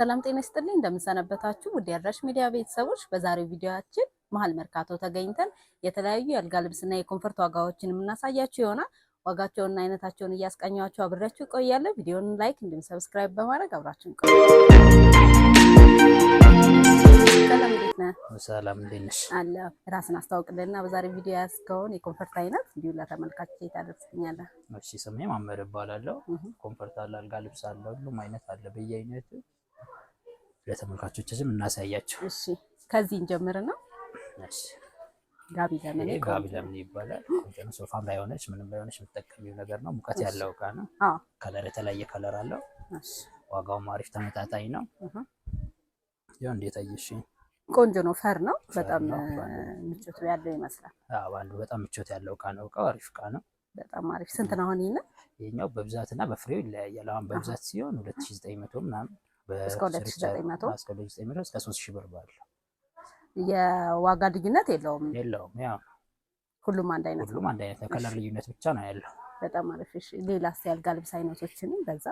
ሰላም ጤና ይስጥልኝ። እንደምንሰነበታችሁ ውድ የአድራሽ ሚዲያ ቤተሰቦች፣ በዛሬው ቪዲዮችን መሀል መርካቶ ተገኝተን የተለያዩ የአልጋ ልብስና የኮንፈርት ዋጋዎችን የምናሳያችሁ ይሆናል። ዋጋቸውንና አይነታቸውን እያስቃኘኋችሁ አብሬያችሁ እቆያለሁ። ቪዲዮን ላይክ እንዲሁም ሰብስክራይብ በማድረግ አብራችሁ ቆዩ። ሰላም እንዴት ነሽ? አለ ራስን አስታውቅልንና በዛሬ ቪዲዮ ያስከውን የኮንፈርት አይነት እንዲሁ ለተመልካች ታደርስኛለህ? እሺ ስሜ ማመር እባላለሁ። ኮንፈርት አለ፣ አልጋ ልብስ አለ፣ ሁሉም አይነት አለ በየአይነቱ ለተመልካቾቻችን እናሳያቸው። እሺ ከዚህ እንጀምር ነው። ጋቢ ዘመኔ ጋቢ ዘመኔ ይባላል። ሶፋም ላይ ሆነች ምንም ላይ ሆነች የምትጠቀሚው ነገር ነው። ሙቀት ያለው እቃ ነው። ከለር የተለያየ ከለር አለው። ዋጋውም አሪፍ ተመጣጣኝ ነው። ያው እንዴት አየሽ? ቆንጆ ነው። ፈር ነው። በጣም ምቾት ያለው ይመስላል። አዎ በጣም ምቾት ያለው እቃ ነው። እቃው አሪፍ እቃ ነው። በጣም አሪፍ። ስንት ነው አሁን ይሄን? ይሄኛው በብዛትና በፍሬው ይለያያል። አሁን በብዛት ሲሆን ሁለት ሺ ዘጠኝ መቶ ምናምን እስከ 2900 እስከ 3000 ብር ባለው የዋጋ ልዩነት የለውም። የለውም ያው ሁሉም አንድ አይነት ሁሉም አንድ አይነት ከለር ልዩነት ብቻ ነው ያለው። በጣም አሪፍ። እሺ ሌላስ ያልጋ ልብስ አይነቶችንም በዛ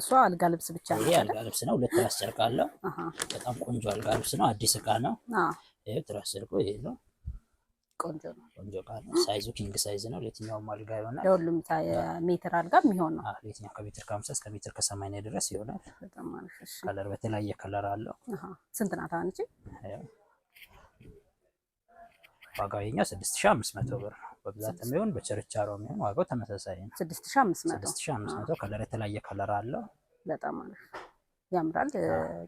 እሷ አልጋ ልብስ ብቻ ነው። ይሄ አልጋ ልብስ ነው። ሁለት ትራስ ጨርቅ አለው። በጣም ቆንጆ አልጋ ልብስ ነው። አዲስ እቃ ነው። ይሄ ትራስ ጨርቁ ይሄ ነው። ቆንጆ ነው። ቆንጆ እቃ ነው። ሳይዙ ኪንግ ሳይዝ ነው። ለየትኛውም አልጋ ይሆናል። ለሁሉም ሜትር አልጋ የሚሆን ነው። ለየትኛው ከሜትር ከሀምሳ እስከ ሜትር ከሰማንያ ድረስ ይሆናል። ከለር በተለያየ ከለር አለው። ስንት ናት አንቺ? ዋጋው የኛ ስድስት ሺህ አምስት መቶ ብር ነው። በብዛት የሚሆን በችርቻሮ የሚሆን ዋጋው ተመሳሳይ ነው። ስድስት ሺህ አምስት መቶ ከለር የተለያየ ከለር አለው። በጣም አሪፍ ያምራል።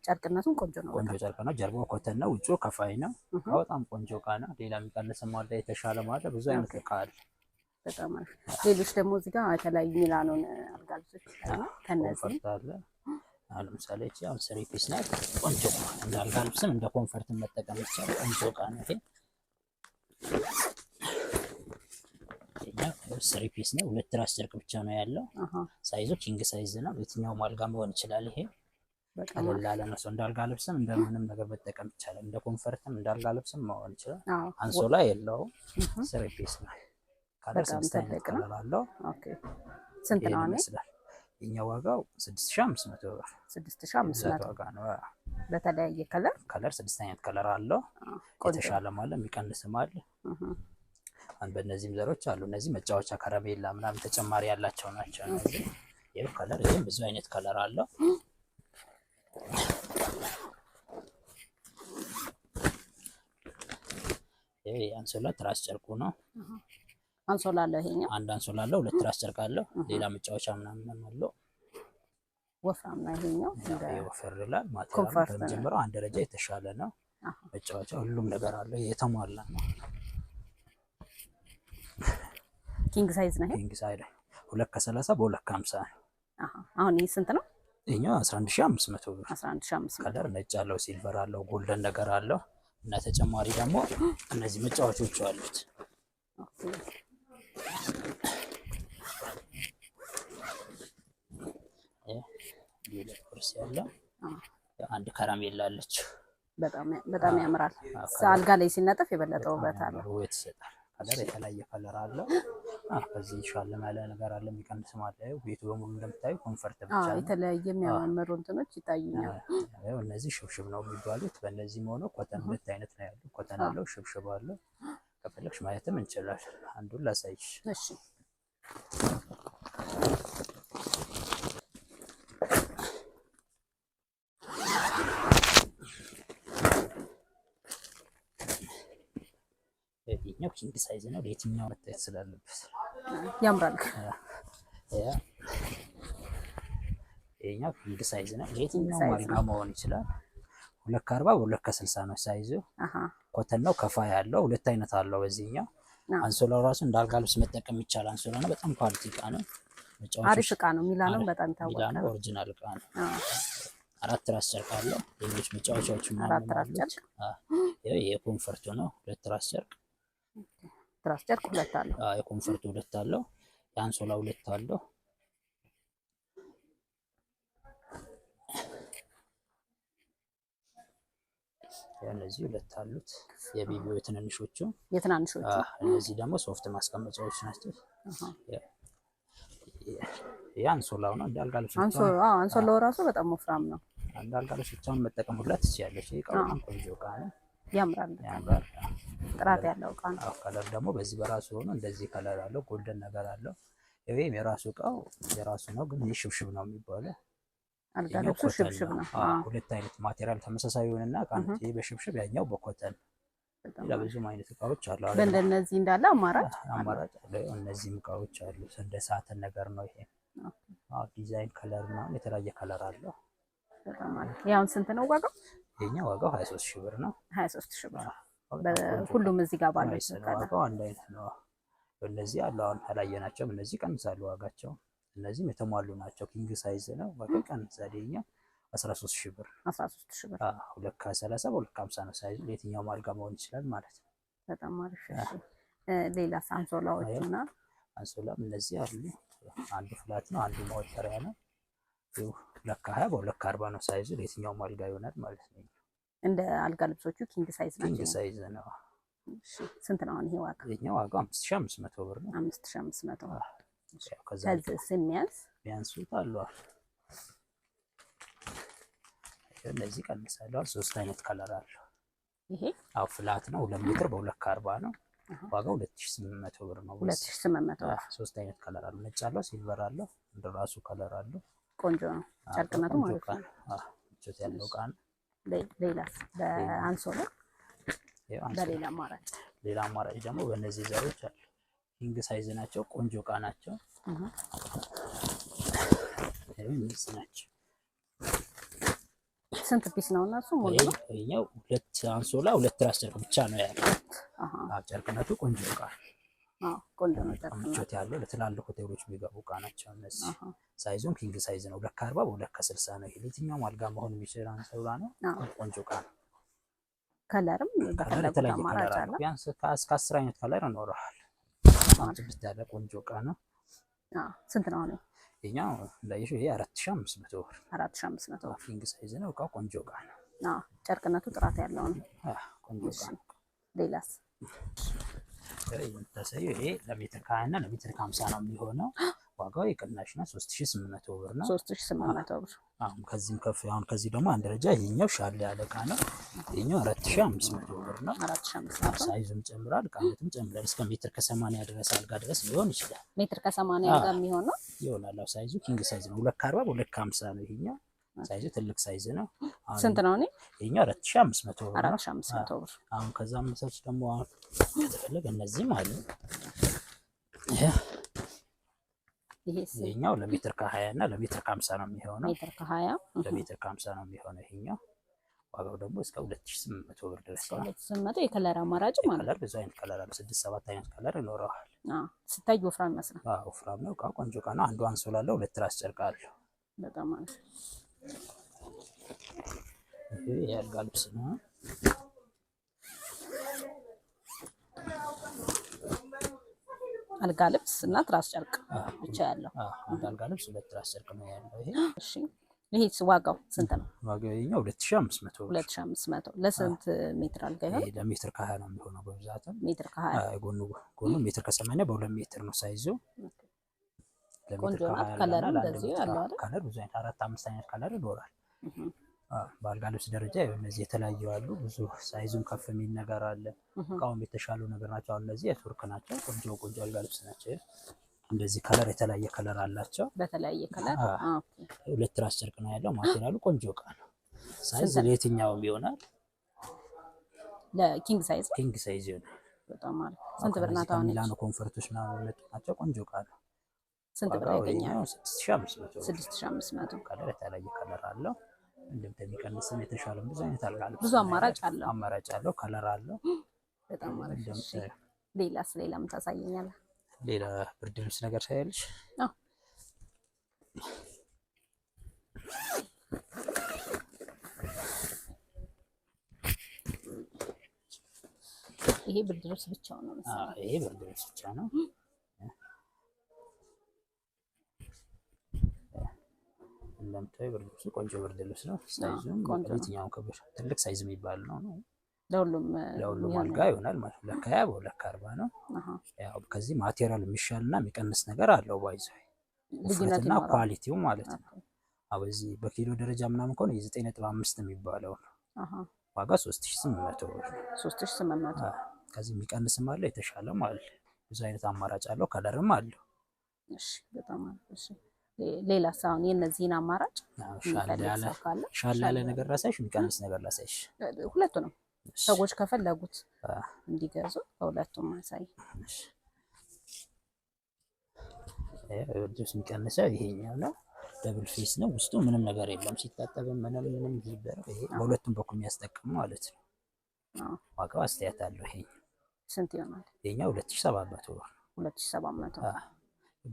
ጨርቅነቱን ቆንጆ ነው። ቆንጆ ጨርቅ ነው። ጀርባው ኮተን ነው። ውጭ ከፋይ ነው። በጣም ቆንጆ እቃ ነው። ሌላ የሚቀንስ አለ፣ የተሻለ ማለ ብዙ አይነት እቃ አለ። በጣም አሪፍ። ሌሎች ደግሞ እዚህ ጋር የተለያዩ ሚላኖን አልጋ ልብሶች ከነዚህ ለምሳሌ እቺ አሁን ስሪ ፒስ ናት። ቆንጆ እንደ አልጋ ልብስም እንደ ኮንፈርት መጠቀም ይቻላል። ቆንጆ እቃ ነው ይሄ። ስሪ ፒስ ነው። ሁለት ራስ ጨርቅ ብቻ ነው ያለው። ሳይዞች ኪንግ ሳይዝ ነው። የትኛውም አልጋ መሆን ይችላል ይሄ ቀለል ያለ ነው። እንደ አልጋ ልብስም እንደምንም ነገር መጠቀም ይቻላል። እንደ ኮንፈርትም እንዳልጋ ልብስም መሆን ይችላል። አንሶላ የለውም፣ ስሪ ፒስ ነው። ካለር ስድስት አይነት ቀለል አለው። ስንት ነው ይመስላል? የኛ ዋጋው ስድስት ሺህ አምስት መቶ ብር ስድስት ሺህ አምስት መቶ ዋጋ ነው። በተለያየ ከለር ከለር ስድስት አይነት ከለር አለው። የተሻለም አለ የሚቀንስም አለ። በእነዚህም ዘሮች አሉ። እነዚህ መጫወቻ ከረሜላ ምናምን ተጨማሪ ያላቸው ናቸው። ይህ ከለር ይህም ብዙ አይነት ከለር አለው። ይሄ አንሶላ ትራስ ጨርቁ ነው። አንሶላ አለው። ይሄኛው አንድ አንሶላ አለው፣ ሁለት ትራስ ጨርቅ አለው። ሌላ መጫወቻ ምናምን አለው። ወፍራም ነው። ይሄኛው ወፈር ይላል። ማቴሪያል አንድ ደረጃ የተሻለ ነው። መጫወቻ ሁሉም ነገር አለው፣ የተሟላ ነው። ኪንግ ሳይዝ ነው። ኪንግ ሳይዝ ሁለት ከሰላሳ በሁለት ከሀምሳ ነው። አሁን ይህ ስንት ነው? እኛ 11500 ብር 11500 ከለር ነጭ አለው፣ ሲልቨር አለው፣ ጎልደን ነገር አለው እና ተጨማሪ ደግሞ እነዚህ መጫወቾቹ አሉት። ቁርስ አንድ ከረሜላ አለችው። በጣም ያምራል። አልጋ ላይ ሲነጠፍ የበለጠ ውበት አለው። ይሰጣል። ከለር የተለያየ ከለር አለ። በዚህ ሻል ያለ ነገር አለ፣ የሚቀንስም አለ። ቤቱ በሙሉ እንደምታዩ ኮንፈርት ብቻ የተለያየ የሚያማምሩ እንትኖች ይታዩኛል። እነዚህ ሽብሽብ ነው የሚባሉት። በእነዚህም ሆነ ኮተን ሁለት አይነት ነው ያሉ። ኮተን አለው፣ ሽብሽብ አለ። ከፈለግሽ ማየትም እንችላል። አንዱን ላሳይሽ። እሺ ይሄኛው ኪንግ ሳይዝ ነው። ለየትኛው መታየት ስላለበት ያምራል። ይሄኛው ኪንግ ሳይዝ ነው። ለየትኛው ማሪና መሆን ይችላል። ሁለት ከአርባ በሁለት ከስልሳ ነው ሳይዙ። ኮተን ነው ከፋ ያለው ሁለት አይነት አለው። በዚህኛው አንሶላው ራሱ እንደ አልጋ ልብስ መጠቀም ይቻላል። አንሶላ ነው። በጣም ኳሊቲ እቃ ነው። አሪፍ እቃ ነው። ሚላኖም በጣም ታወቀ ነው። ኦሪጂናል እቃ ነው። አራት ራስ ጨርቅ አለው። ሌሎች መጫወቻዎች ምናምን አሉት። ይሄ የኮንፈርቱ ነው። ሁለት ራስ ጨርቅ ትራስ ጨርቅ ሁለት አለው። አይ ኮንፈርት ሁለት አለው። የአንሶላ ሁለት አለው። እነዚህ ሁለት አሉት። የቤቢ የትንንሾቹ የትናንሾቹ። እነዚህ ደግሞ ሶፍት ማስቀመጫዎች ናቸው። የአንሶላው ነው እንደ አልጋ ልብስ አንሶላው ራሱ በጣም ወፍራም ነው። እንደ አልጋ ልብስ ብቻውን መጠቀም ሁላት ትችያለሽ። ቆንጆ እቃ ያምራል ያምራል። ጥራት ያለው እቃ ነው። ከለር ደግሞ በዚህ በራሱ ሆኖ እንደዚህ ከለር አለው፣ ጎልደን ነገር አለው። ይሄም የራሱ እቃው የራሱ ነው፣ ግን ይህ ሽብሽብ ነው የሚባለው። አልጋ ሽብሽብ ነው። ሁለት አይነት ማቴሪያል ተመሳሳይ ይሆንና ቃንቲ በሽብሽብ ያኛው በኮተን ለብዙም አይነት እቃዎች አሉ። በእንደነዚህ እንዳለ አማራጭ አማራጭ አለ። እነዚህም እቃዎች አሉ። እንደ ሳተን ነገር ነው ይሄ ዲዛይን ከለር ምናምን የተለያየ ከለር አለው። ያሁን ስንት ነው ዋጋው? የኛ ዋጋው ሀያ ሶስት ሺህ ብር ነው። ሀያ ሶስት ሺህ ብር ሁሉም እዚህ ጋር ባለው ዋጋው አንድ አይነት ነው። እነዚህ አሉ አሁን አላየናቸውም። እነዚህ ቀንሳሉ ዋጋቸው። እነዚህም የተሟሉ ናቸው። ኪንግ ሳይዝ ነው ዋጋው ቀንሳል። የእኛ አስራ ሦስት ሺህ ብር ሁለት ከሰላሳ በሁለት ከሀምሳ ነው ሳይዙ። የትኛውም አልጋ መሆን ይችላል ማለት ነው። በጣም አሪፍ። ሌላ አንሶላዎች አንሶላም እነዚህ አሉ። አንዱ ፍላት ነው፣ አንዱ መወጠሪያ ነው። ሁለት ከሀያ በሁለት ከአርባ ነው ሳይዙ። የትኛውም አልጋ ይሆናል ማለት ነው። እንደ አልጋ ልብሶቹ ኪንግ ሳይዝ ናቸው። ኪንግ ሳይዝ ነው። ስንት ነው አሁን ይሄ ዋጋ? ይሄኛው ዋጋ አምስት አምስት መቶ ብር ነው። አምስት አምስት መቶ ከዚህ ስሚያንስ ቢያንሱት አለዋል። እነዚህ ቀንሳለዋል። ሶስት አይነት ከለር አለው። ይሄ አው ፍላት ነው። ሁለት ሜትር በሁለት ከአርባ ነው። ዋጋ ሁለት ሺ ስምንት መቶ ብር ነው። ሁለት ሺ ስምንት 2800 ሶስት አይነት ከለር አለው። ነጭ አለው፣ ሲልቨር አለው፣ ራሱ ከለር አለው። ቆንጆ ነው ጨርቅነቱ ማለት ነው። አዎ ያለው ቃና ሌላ በአንሶላ በሌላ አማራጭ ሌላ አማራጭ ደግሞ በእነዚህ ዘሮች አሉ። ኪንግ ሳይዝ ናቸው። ቆንጆ እቃ ናቸው። ሚስ ናቸው። ስንት ፒስ ነው? እና እሱ ሙሉ ነው። ይኸኛው ሁለት አንሶላ ሁለት ራስ ጨርቅ ብቻ ነው ያለው። ጨርቅነቱ ቆንጆ እቃ ቆንጆ ምቾት ያለው ለትላልቅ ሆቴሎች የሚገቡ እቃ ናቸው እነዚህ። ሳይዙም ኪንግ ሳይዝ ነው። ሁለት ከአርባ በሁለት ከስልሳ ነው። ይሄ አልጋ መሆን የሚችል አንሰውላ ነው። ቆንጆ እቃ ነው። ከለርም የተለያየ ከለር አለ። ቢያንስ እስከ አስር አይነት ከለር ይኖረዋል። ስድስት ያለ ቆንጆ እቃ ነው። ስንት ነው ነው ይሄኛው ይሄ አራት ሺ አምስት መቶ ብር አራት ሺህ አምስት መቶ ብር ኪንግ ሳይዝ ነው። እቃው ቆንጆ እቃ ነው። ጨርቅነቱ ጥራት ያለው ነው። ቆንጆ እቃ ነው። ሌላስ የምታሳየው ይሄ ለሜትር ከሀያ እና ለሜትር ከሀምሳ ነው የሚሆነው። ዋጋው የቅናሽ ነው፣ ሶስት ሺህ ስምንት መቶ ብር ነው። ሶስት ሺህ ስምንት መቶ ብር። አሁን ከዚህም ከፍ አሁን ከዚህ ደግሞ አንድ ደረጃ ይሄኛው ሻለ ያለ እቃ ነው። ይሄኛው አራት ሺህ አምስት መቶ ብር ነው። አራት ሺህ አምስት መቶ ሳይዙም ጨምራል፣ ቃመቱም ጨምራል። እስከ ሜትር ከሰማንያ ድረስ አልጋ ድረስ ሊሆን ይችላል። ሜትር ከሰማንያ አልጋ የሚሆነው ነው ይሆናል። ሳይዙ ኪንግ ሳይዝ ነው። ሁለት ከአርባ ሁለት ከሀምሳ ነው ይሄኛው ሳይዙ ትልቅ ሳይዝ ነው። ስንት ነው? እኔ ይሄኛው አራት ሺህ አምስት መቶ ብር አራት ሺህ አምስት መቶ ብር። አሁን ከዛ መሰብስ ደግሞ አሁን ከተፈለገ እነዚህም አሉ። ይሄኛው ለሜትር ከሀያ እና ለሜትር ከሀምሳ ነው የሚሆነው። ሜትር ከሀያ ለሜትር ከሀምሳ ነው የሚሆነው። ይሄኛው ዋጋው ደግሞ እስከ ሁለት ሺህ ስምንት መቶ ብር ድረስ ነው። ሁለት ሺህ ስምንት መቶ የከለር አማራጭ ማለት ነው። ብዙ አይነት ከለር አለ። ስድስት ሰባት አይነት ከለር ይኖረዋል። ሲታይ ወፍራም ይመስላል። ወፍራም ነው። ዕቃ ቆንጆ ዕቃ ነው። አንዱ አንሶላ አለው፣ ሁለት ራስ ጨርቅ አለው። በጣም አሪፍ የአልጋ ልብስ ነው። አልጋ ልብስ እና ትራስ ጨርቅ ብቻ ያለው አልጋ ልብስ ሁለት ትራስ ጨርቅ ነው ያለው። ይሄ እሺ፣ ዋጋው ስንት ነው? ዋጋው ይኸኛው ለስንት ሜትር አልጋ ይሆን? ለሜትር ከሀያ ነው የሚሆነው በብዛት ሜትር ከሀያ ጎኑ ጎኑ ሜትር ከሰማንያ በሁለት ሜትር ነው ሳይዙ ቆንጆ ከለር ብዙ አይነት አራት አምስት አይነት ከለር ይኖራል። በአልጋ ልብስ ደረጃ እነዚህ የተለያዩ አሉ። ብዙ ከፍ የሚል ነገር አለ። እቃውም የተሻሉ ነገር ናቸው። አሁን እነዚህ የቱርክ ናቸው። ቆንጆ ቆንጆ አልጋ ልብስ ናቸው። እንደዚህ ከለር የተለያየ ከለር አላቸው። በተለያየ ከለር ሁለት ጨርቅ ነው ያለው። ማቴሪያሉ ቆንጆ እቃ ነው። ሳይዝ ለየትኛውም ይሆናል። ለኪንግ ሳይዝ ኪንግ ሳይዝ ይሆናል። በጣም አሪፍ። ስንት ብር ናት አሁን? ሚላኖ ኮንፈርቶች ናቸው። ቆንጆ እቃ ነው። ስንት ብር ያገኛል? ስድስት ሺህ ከለር የተለያየ ከለር አለው። የተሻለ ብዙ አይነት አለ። ብዙ አማራጭ አለ አማራጭ አለው። ከለር አለው። በጣም አሪፍ። ሌላስ ሌላ የምታሳየኛለህ? ሌላ ብርድ ልብስ ነገር ሳይልሽ ይሄ ብርድ ልብስ ብቻ ነው። ይሄ ብርድ ልብስ ብቻ ነው። እንደምታዩ ብርድ ልብሱ ቆንጆ ብርድ ልብስ ነው። ሳይዙም የትኛውም ክብር ትልቅ ሳይዝ የሚባል ነው። ለሁሉም አልጋ ይሆናል ማለት ነው። ለካ ያው ለካ አርባ ነው። ያው ከዚህ ማቴሪያል የሚሻል የሚሻልና የሚቀንስ ነገር አለው ባይዘ ውፍረትና ኳሊቲው ማለት ነው። በዚህ በኪሎ ደረጃ ምናምን ከሆነ የዘጠኝ ነጥብ አምስት የሚባለው ነው ዋጋ ሶስት ሺ ስምንት መቶ ብር ሶስት ሺ ስምንት መቶ ከዚህ የሚቀንስም አለው የተሻለም አለ። ብዙ አይነት አማራጭ አለው። ከለርም አለው። እሺ በጣም እሺ ሌላ ሳይሆን የነዚህን አማራጭ ሻላ ያለ ነገር ላሳይሽ፣ የሚቀንስ ነገር ላሳይሽ። ሁለቱንም ሰዎች ከፈለጉት እንዲገዙ ከሁለቱም ማሳይ ልብስ የሚቀንሰው ይሄኛው ነው። ደብል ፌስ ነው። ውስጡ ምንም ነገር የለም። ሲታጠብ ምንም ምንም ይበር ይሄ በሁለቱም በኩል የሚያስጠቅም ማለት ነው። ዋጋው አስተያየት አለው። ይሄ ስንት ይሆናል? ይሄኛው 2700 ብር 2700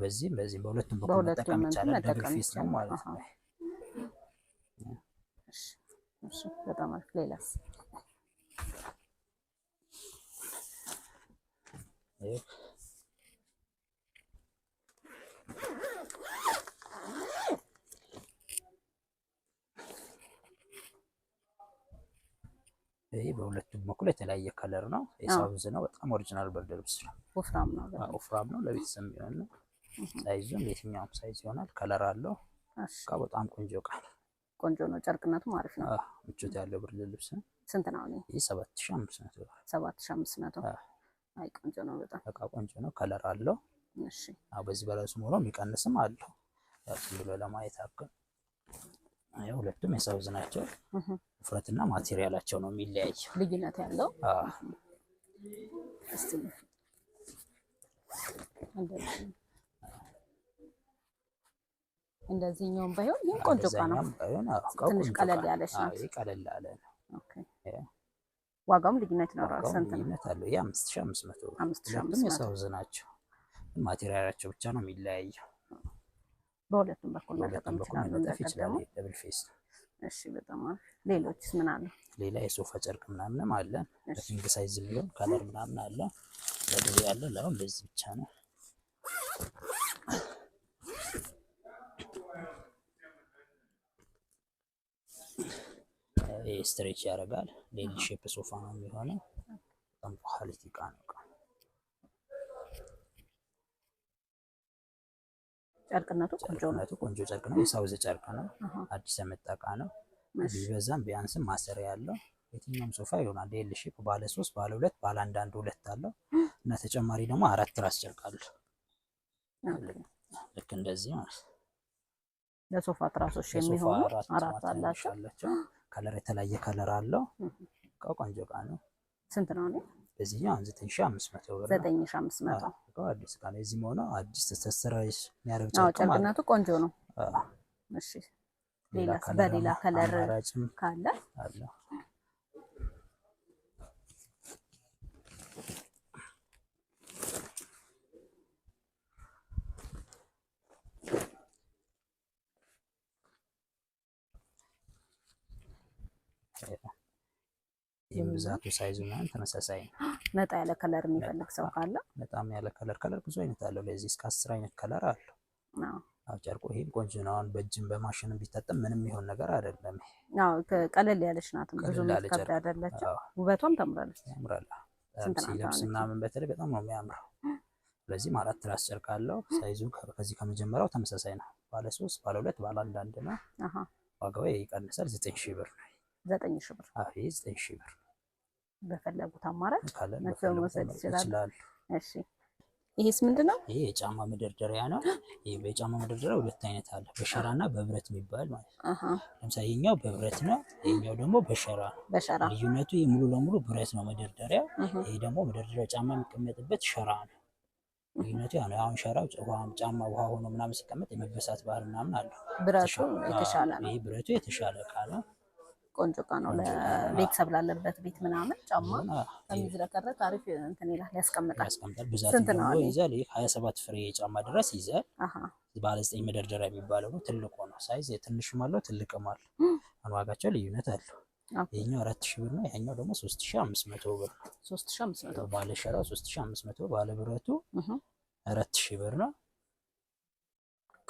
በዚህም በዚህም በሁለቱም በኩል መጠቀም ይቻላል። ደብል ፌስ ነው ማለት ነው። በጣም አሪፍ። ሌላስ ይህ በሁለቱም በኩል የተለያየ ከለር ነው። የሳውዝ ነው። በጣም ኦሪጂናል ብርድ ልብስ ነው። ወፍራም ነው፣ ለቤተሰብ የሚሆን ነው። ሳይዙም የትኛውም ሳይዝ ይሆናል። ከለር አለው። እቃ በጣም ቆንጆ እቃ ቆንጆ ነው። ጨርቅነቱ አሪፍ ነው። ምቾት ያለው ብርድ ልብስ ነው። ስንት ነው? ይህ ሰባት ሺ አምስት መቶ ሰባት ሺ አምስት መቶ አይ ቆንጆ ነው። በጣም በቃ ቆንጆ ነው። ከለር አለው። እሺ አዎ፣ በዚህ በራሱ ሆኖ የሚቀንስም አለው። ያው ዝም ብሎ ለማየት አክል አይ፣ ሁለቱም የሳይዝ ናቸው። ውፍረትና ማቴሪያላቸው ነው የሚለያይ ልዩነት ያለው። አዎ እንደዚህኛውም ባይሆን ግን ቆንጆ እቃ ነው። ትንሽ ቀለል ያለች ናት። ቀለል ያለ ዋጋውም ልዩነት ይኖረዋል። ስንት ነው? ልዩነት አለው። ሺህ አምስት መቶ ሁለቱም የሳውዝ ናቸው። ማቴሪያላቸው ብቻ ነው የሚለያየው። በሁለቱም በኩል መጠቀም ደብል ፌስ ነው። እሺ በጣም አሪፍ። ሌሎችስ ምን አለ? ሌላ የሶፋ ጨርቅ ምናምንም አለን። በኪንግ ሳይዝ የሚሆን ከለር ምናምን አለ። ለጊዜ ያለ ለአሁን በዚህ ብቻ ነው። ስትሬች ያደርጋል። ሌል ሼፕ ሶፋ ነው የሚሆነው። በጣም ኳሊቲ እቃ ነው። ጨርቅነቱ ቆንጆ ጨርቅ ነው። የሳውዝ ጨርቅ ነው። አዲስ የመጣ እቃ ነው። ቢበዛም ቢያንስም ማሰሪያ ያለው የትኛውም ሶፋ ይሆናል። ሌል ሼፕ ባለ ሶስት ባለ ሁለት ባለ አንዳንድ ሁለት አለው እና ተጨማሪ ደግሞ አራት ራስ ጨርቅ አለው። ልክ እንደዚህ ማለት ለሶፋ ትራሶች የሚሆኑ አራት አላቸው። ከለር የተለያየ ከለር አለው። እቃው ቆንጆ እቃ ነው። ስንት ነው ነው? በዚህኛው አምስት መቶ ብር አምስት መቶ እቃው አዲስ እቃ ነው። የዚህም ሆነ አዲስ ተሰራ የሚያደርግ ጨርቅ ጨርቅነቱ ቆንጆ ነው። እሺ፣ በሌላ ከለር ካለ አለ ብዛቱ ሳይዙ ምናምን ተመሳሳይ ነው። ነጣ ያለ ከለር የሚፈልግ ሰው ካለ በጣም ያለ ከለር ከለር ብዙ አይነት አለው። ለዚህ እስከ አስር አይነት ከለር አለው። አዎ ጨርቁ ይሄም ቆንጆ ነው። አሁን በእጅም በማሽንም ቢታጠም ምንም ይሆን ነገር አይደለም። አዎ ቀለል ያለች ናት፣ ብዙ ምትከብድ አይደለችም። ውበቷም ተምራለች፣ ታምራላ ሲለብስ ምናምን በተለይ በጣም ነው የሚያምረው። ስለዚህም አራት ትራስ ጨርቅ አለው። ሳይዙ ከዚህ ከመጀመሪያው ተመሳሳይ ነው። ባለ ሶስት ባለ ሁለት ባለ አንድ አንድ ነው። ዋጋው ይቀንሳል። ዘጠኝ ሺህ ብር ነው። ዘጠኝ ሺህ ብር። አዎ ዘጠኝ ሺህ ብር በፈለጉት አማራጭ መጥተው መውሰድ ይችላሉ። እሺ ይሄስ ምንድን ነው? ይሄ የጫማ መደርደሪያ ነው። ይሄ በጫማ መደርደሪያ ሁለት አይነት አለ፣ በሸራ እና በብረት የሚባል ማለት ነው። ለምሳሌ ይኛው በብረት ነው፣ ይኛው ደግሞ በሸራ በሸራ ልዩነቱ ይሄ ሙሉ ለሙሉ ብረት ነው መደርደሪያ፣ ይሄ ደግሞ መደርደሪያ ጫማ የሚቀመጥበት ሸራ ነው። ልዩነቱ ያ ነው። አሁን ሸራው ጫማ ውሃ ሆኖ ምናምን ሲቀመጥ የመበሳት ባህር ምናምን አለ። ብረቱ የተሻለ ነው። ይሄ ብረቱ የተሻለ እቃ ነው። ቆንጆ እቃ ነው። ለቤተሰብ ላለበት ቤት ምናምን ጫማ ከሚዝረከረክ አሪፍ እንትን ይላል፣ ያስቀምጣል። ብዛት ነው ይዛል? ይህ ሀያ ሰባት ፍሬ ጫማ ድረስ ይዛል። ባለ ዘጠኝ መደርደሪያ የሚባለው ነው። ትልቁ ነው ሳይዝ፣ ትንሽም አለው ትልቅም አለው። ዋጋቸው ልዩነት አለው። ይህኛው አራት ሺህ ብር ነው። ይሄኛው ደግሞ ሶስት ሺህ አምስት መቶ ብር ነው። ባለ ሸራው ሶስት ሺህ አምስት መቶ ባለ ብረቱ አራት ሺህ ብር ነው።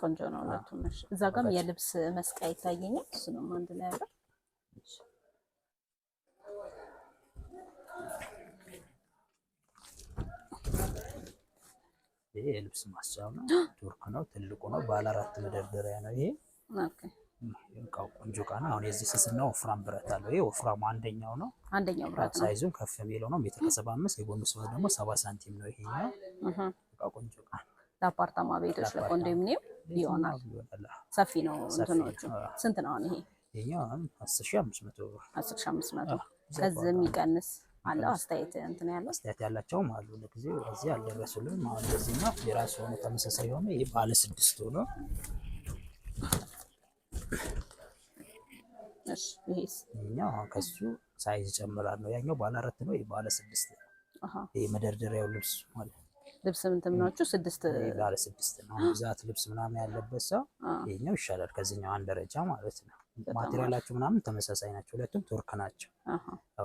ቆንጆ ነው። ሁለቱም እዛ ጋም የልብስ መስቀያ ይታየኛል። እሱንም አንድ ላይ ያለው ይሄ የልብስ ማስጫው ነው። ቱርክ ነው። ትልቁ ነው። ባለ አራት መደርደሪያ ነው። ይሄ እቃው ቆንጆ እቃ ነው። አሁን የዚህ ነው። ወፍራም ብረት አለው። ይሄ ወፍራሙ አንደኛው ነው። አንደኛው ብረት ሳይዙ ከፍ የሚለው ነው። ሜትር ከሰባ አምስት የጎኑ ስፋት ደግሞ ሰባ ሳንቲም ነው። ይሄ ይሄኛው እቃው ቆንጆ እቃ ለአፓርታማ ቤቶች ለኮንዶሚኒየም ይሆናል። ሰፊ ነው። እንትኖቹ ስንት ነው አሁን ይሄ? ይሄኛው አስር ሺህ አምስት መቶ አስር ሺህ አምስት መቶ ከዚህ የሚቀንስ አለ አስተያየት እንትን ያለው አስተያየት ያላቸውም አሉ። ለጊዜው እዚህ አሁን የራሱ የሆነ ተመሳሳይ የሆነ ይህ ባለ ስድስቱ ነው። ከሱ ሳይዝ ይጨምራል ነው። ያኛው ባለ አራት ነው፣ ይህ ባለ ስድስት ነው። ይህ መደርደሪያው ልብስ ማለት ልብስ ስድስት ባለ ስድስት ነው። ብዛት ልብስ ምናምን ያለበት ሰው ይሄኛው ይሻላል ከዚህኛው አንድ ደረጃ ማለት ነው። ማቴሪያላቸው ምናምን ተመሳሳይ ናቸው። ሁለቱም ቱርክ ናቸው።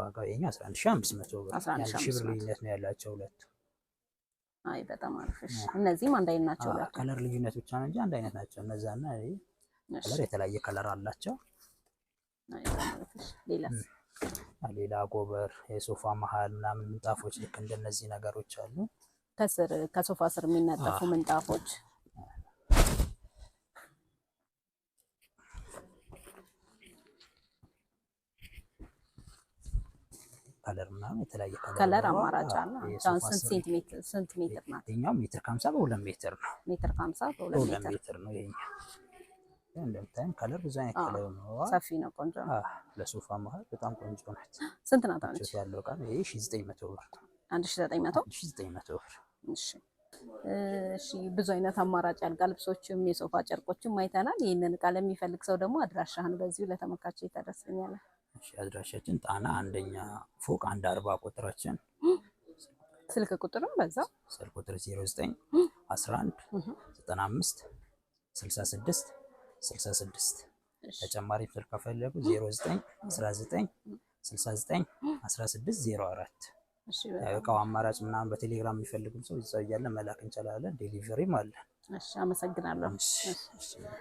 ዋጋው የኛው 11500 ብር፣ 1000 ብር ልዩነት ነው ያላቸው ሁለቱ። አይ በጣም አሪፍ። እነዚህም አንድ አይነት ናቸው። ከለር ልዩነት ብቻ ነው እንጂ አንድ አይነት ናቸው። እነዛና ይሄ ከለር የተለያየ ከለር አላቸው። ሌላ ጎበር የሶፋ መሀል ምናምን ምንጣፎች፣ ልክ እንደነዚህ ነገሮች አሉ። ከስር ከሶፋ ስር የሚነጠፉ ምንጣፎች ከለር ምናምን የተለያየ ከለር አማራጭ አለ። ስንት ሜትር ናት? ይኸኛው ሜትር ከሀምሳ በሁለት ሜትር ነው። ሜትር ከሀምሳ በሁለት ሜትር ነው ይኸኛው። እንደምታይም ከለር ብዙ አይነት ከለር ነው። ሰፊ ነው፣ ቆንጆ ነው። ለሶፋ መሀል በጣም ቆንጆ ናት። ስንት ናት? አንቺ ያለው ቃል ይሄ ሺ ዘጠኝ መቶ ብር አንድ ሺ ዘጠኝ መቶ ሺ ዘጠኝ መቶ ብር። እሺ እሺ ብዙ አይነት አማራጭ አልጋ ልብሶችም የሶፋ ጨርቆችም አይተናል። ይህንን ቃል የሚፈልግ ሰው ደግሞ አድራሻህን በዚሁ ለተመልካቾች ታደርስልኛለህ? አድራሻችን ጣና አንደኛ ፎቅ አንድ አርባ ቁጥራችን ስልክ ቁጥርም በዛ ስልክ ቁጥር 09 11 95 66 66 ተጨማሪ ስልክ ከፈለጉ 09 19 69 16 04 እቃው አማራጭ ምናምን በቴሌግራም የሚፈልጉም ሰው እዛ እያለ መላክ እንችላለን። ዴሊቨሪም አለን። እሺ አመሰግናለሁ።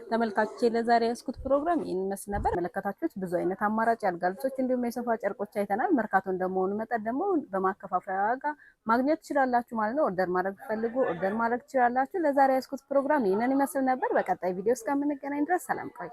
ተመልካቾቼ ለዛሬ ያስኩት ፕሮግራም ይህን ይመስል ነበር። መለከታችሁት ብዙ አይነት አማራጭ ያልጋ ልብሶች፣ እንዲሁም የሶፋ ጨርቆች አይተናል። መርካቶ እንደመሆኑ መጠን ደግሞ በማከፋፈያ ዋጋ ማግኘት ትችላላችሁ ማለት ነው። ኦርደር ማድረግ ፈልጉ ኦርደር ማድረግ ትችላላችሁ። ለዛሬ ያስኩት ፕሮግራም ይህንን ይመስል ነበር። በቀጣይ ቪዲዮ እስከምንገናኝ ድረስ ሰላም ቆይ